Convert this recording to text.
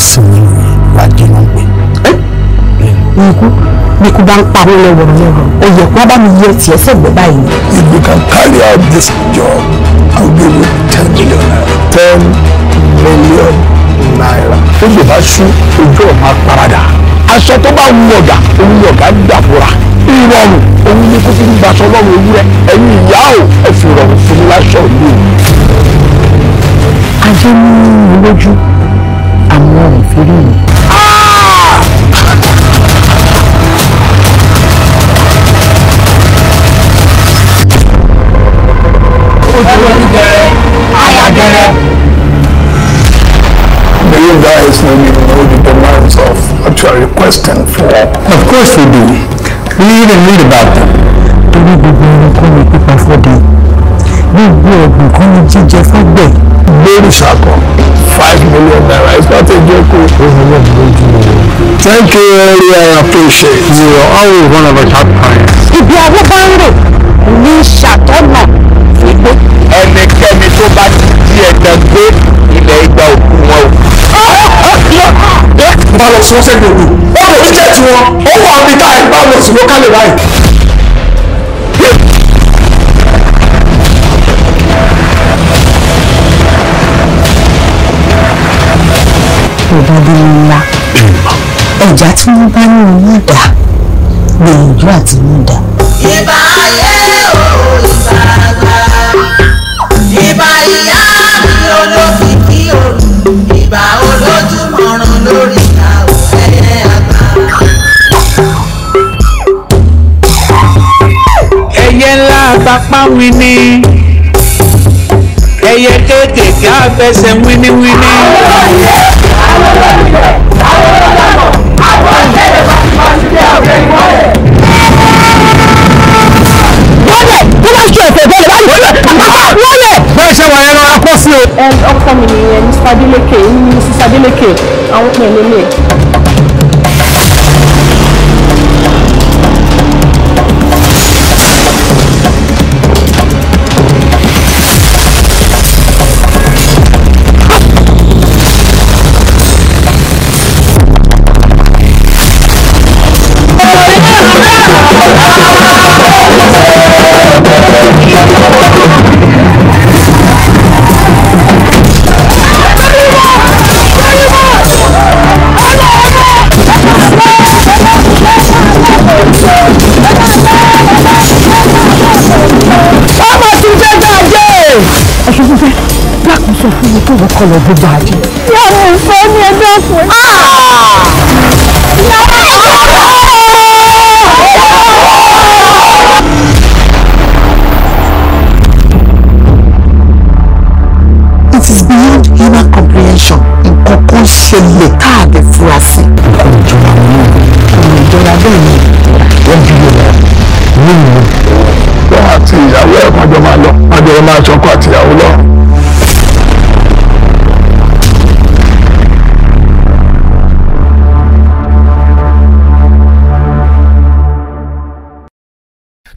sùn nínú wà jẹnu gbé. ikú bíkú bá ń pa mí lẹ́wọ̀rọ̀ lẹ́wọ̀rọ̀ oyè kan bá mi yẹ tiẹ̀ sẹ́gbẹ̀ẹ́ báyìí. If you can carry out this job I give you ten million naira. ten million naira. ó lè bá sún ojú ọ̀ máa parada aṣọ tó bá wù ọ̀gá òun ni ọ̀gá dàbúrà ìrọ̀rùn òun ni kó fi ń gbaṣọ lọ́rùn ewúrẹ́ ẹ̀yin ìyá ò ẹ fi rọrùn fún mi láṣọ ìlú. ajé ní ìlójú. morre, filhinho. Ah! Do you guys maybe know the demands of actually requesting for? Of course we do. We even read about them. gbogbo ọ̀gbìn kan ní jíjẹ fágbẹ̀. lórí ṣàkọ five million naira is not a joke. thank you very well appreciate you are always one of our kind. clients. ibi àwọn bá ń rè ní ṣàtọ́nà igbó. ẹnikẹ́ni tó bá ti di ẹ̀dá gbé ilẹ̀ ìgbà òkú wọn o. bá lọ sọ sẹ́gbẹ̀ẹ́ òdu ó lè jẹ́ tiwọn ó wà níta ẹ̀ bá lọ sí lókàlẹ̀ báyìí. kò bá bínú ńlá ọjà tí wọ́n bá ní omi dà gbìyànjú àti mú dà. ìbà ayé o ìbàgbà ìbà ìyá mi olókìkí òru ìbà olójúmọ̀ràn lórí ìyàwó ẹ̀yẹ àgbà. ẹyẹ ńlá àpapá mi ni ẹyẹ kéékèèké àfẹsẹ̀ wíníwíní. ọkọ mi nìyẹn mr adeleke mrs adeleke àwọn ọmọ ẹ̀ lélẹ̀. kí wọ́n kọ́ lọ bó bá a di. ìyá mi ò fẹ́ ní ẹgbẹ́ ọ̀pọ̀. It is beyond human comprehension nǹkan kan ṣẹlẹ̀ káàdì fura sí. nǹkan ìjọba mi ò ní ìjọba bẹ́ẹ̀ ni wọ́n bí yẹn lọ nínú. wọ́n àti ìyàwó ẹ̀ májọ máa lọ májọ máa ṣọkọ àti ìyàwó lọ.